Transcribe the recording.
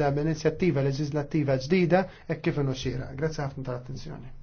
da' inizjattiva leġislattiva ġdida e kif inuxxira. Grazie għafna tal-attenzjoni.